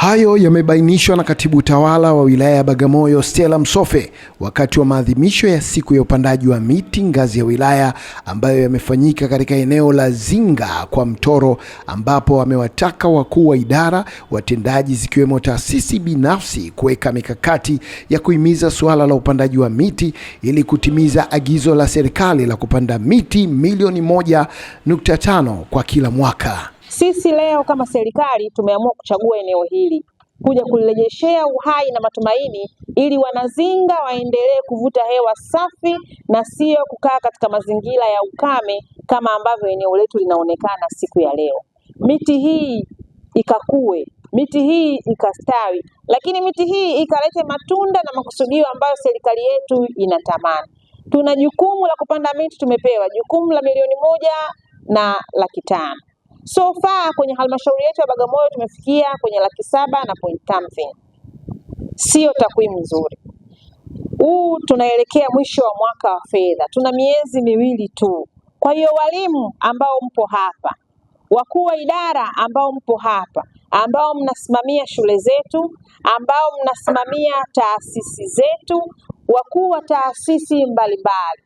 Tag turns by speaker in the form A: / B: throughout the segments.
A: Hayo yamebainishwa na katibu utawala wa wilaya ya Bagamoyo Stella Msofe wakati wa maadhimisho ya siku ya upandaji wa miti ngazi ya wilaya ambayo yamefanyika katika eneo la Zinga kwa Mtoro, ambapo wamewataka wakuu wa idara, watendaji zikiwemo taasisi binafsi kuweka mikakati ya kuhimiza suala la upandaji wa miti ili kutimiza agizo la serikali la kupanda miti milioni tano kwa kila mwaka.
B: Sisi leo kama serikali tumeamua kuchagua eneo hili kuja kulirejeshea uhai na matumaini, ili wanazinga waendelee kuvuta hewa safi na siyo kukaa katika mazingira ya ukame kama ambavyo eneo letu linaonekana siku ya leo. Miti hii ikakue, miti hii ikastawi, lakini miti hii ikalete matunda na makusudio ambayo serikali yetu inatamani. Tuna jukumu la kupanda miti, tumepewa jukumu la milioni moja na laki tano. So far kwenye halmashauri yetu ya Bagamoyo tumefikia kwenye laki saba na point something. Sio takwimu nzuri. Huu tunaelekea mwisho wa mwaka wa fedha, tuna miezi miwili tu. Kwa hiyo walimu ambao mpo hapa, wakuu wa idara ambao mpo hapa, ambao mnasimamia shule zetu, ambao mnasimamia taasisi zetu, wakuu wa taasisi mbalimbali,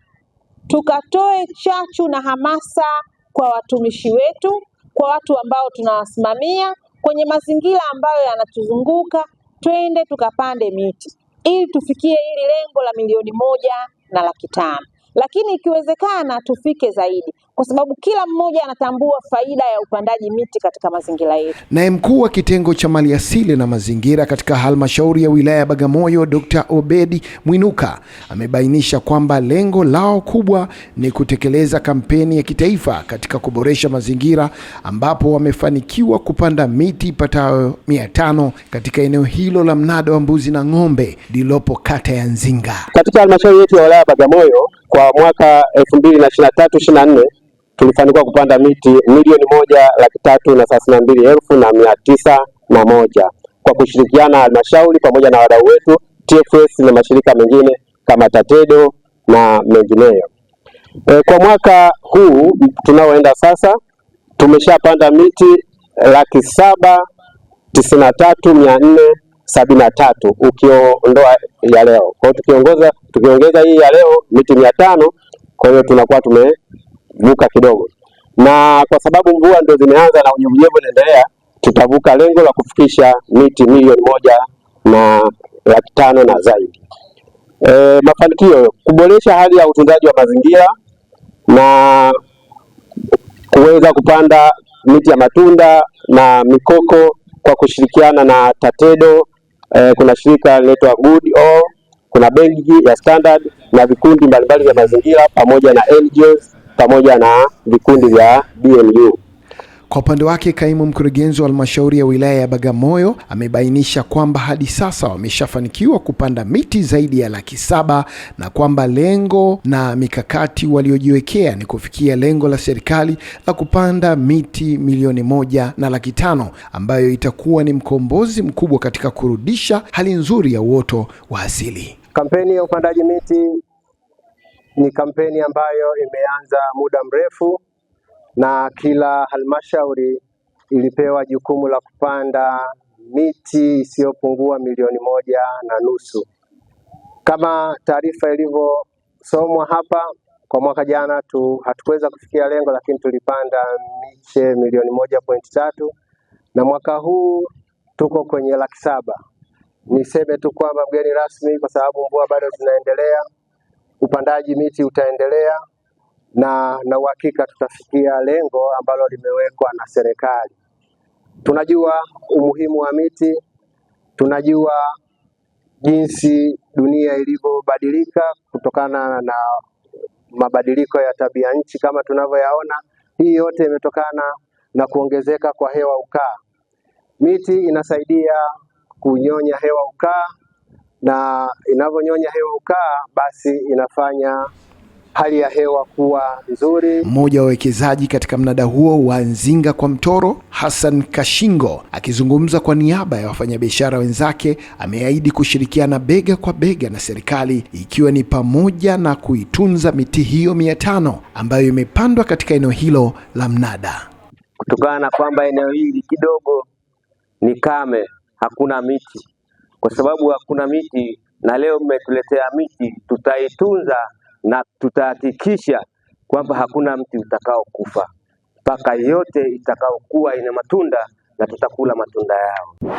B: tukatoe chachu na hamasa kwa watumishi wetu kwa watu ambao tunawasimamia kwenye mazingira ambayo yanatuzunguka, twende tukapande miti ili tufikie hili lengo la milioni moja na laki tano lakini ikiwezekana tufike zaidi, kwa sababu kila mmoja anatambua faida ya upandaji miti katika mazingira yetu.
A: Naye mkuu wa kitengo cha maliasili na mazingira katika halmashauri ya wilaya ya Bagamoyo, Dr. Obedi Mwinuka amebainisha kwamba lengo lao kubwa ni kutekeleza kampeni ya kitaifa katika kuboresha mazingira ambapo wamefanikiwa kupanda miti ipatayo mia tano katika eneo hilo la mnada wa mbuzi na ng'ombe lililopo kata ya Nzinga
C: katika halmashauri yetu ya wilaya ya Bagamoyo kwa mwaka elfu mbili na ishirini na tatu ishirini na nne tulifanikiwa kupanda miti milioni moja laki tatu na thelathini na mbili elfu na mia tisa na moja kwa kushirikiana na halmashauri pamoja na wadau wetu TFS na mashirika mengine kama Tatedo na mengineyo. E, kwa mwaka huu tunaoenda sasa tumeshapanda miti laki saba tisini na tatu mia nne sabini na tatu ukiondoa ya leo. Kwa hiyo tukiongoza tukiongeza hii ya leo miti mia tano kwa hiyo tunakuwa tumevuka kidogo, na kwa sababu mvua ndio zimeanza na unyevunyevu unaendelea, tutavuka lengo la kufikisha miti milioni moja na laki tano na zaidi. E, mafanikio kuboresha hali ya utunzaji wa mazingira na kuweza kupanda miti ya matunda na mikoko kwa kushirikiana na TATEDO. E, kuna shirika linaitwa Good All kuna benki ya Standard na vikundi mbalimbali vya mazingira pamoja na NGOs pamoja na vikundi vya BMU.
A: Kwa upande wake kaimu mkurugenzi wa halmashauri ya wilaya ya Bagamoyo amebainisha kwamba hadi sasa wameshafanikiwa kupanda miti zaidi ya laki saba na kwamba lengo na mikakati waliojiwekea ni kufikia lengo la serikali la kupanda miti milioni moja na laki tano ambayo itakuwa ni mkombozi mkubwa katika kurudisha hali nzuri ya uoto wa asili.
D: Kampeni ya upandaji miti ni kampeni ambayo imeanza muda mrefu na kila halmashauri ilipewa jukumu la kupanda miti isiyopungua milioni moja na nusu. Kama taarifa ilivyosomwa hapa, kwa mwaka jana tu hatukuweza kufikia lengo, lakini tulipanda miche milioni moja pointi tatu na mwaka huu tuko kwenye laki saba. Niseme tu kwamba mgeni rasmi, kwa sababu mvua bado zinaendelea, upandaji miti utaendelea na na uhakika tutafikia lengo ambalo limewekwa na serikali. Tunajua umuhimu wa miti, tunajua jinsi dunia ilivyobadilika kutokana na mabadiliko ya tabia nchi kama tunavyoyaona. Hii yote imetokana na kuongezeka kwa hewa ukaa. Miti inasaidia kunyonya hewa ukaa, na inavyonyonya hewa ukaa, basi inafanya hali ya hewa kuwa nzuri.
A: Mmoja wa wawekezaji katika mnada huo wa Nzinga kwa Mtoro, Hassan Kashingo, akizungumza kwa niaba ya wafanyabiashara wenzake, ameahidi kushirikiana bega kwa bega na serikali, ikiwa ni pamoja na kuitunza miti hiyo mia tano ambayo imepandwa katika eneo hilo la mnada,
E: kutokana na kwamba eneo hili kidogo ni kame, hakuna miti. Kwa sababu hakuna miti na leo mmetuletea miti, tutaitunza na tutahakikisha kwamba hakuna mti utakaokufa mpaka yote itakaokuwa ina matunda na tutakula matunda yao.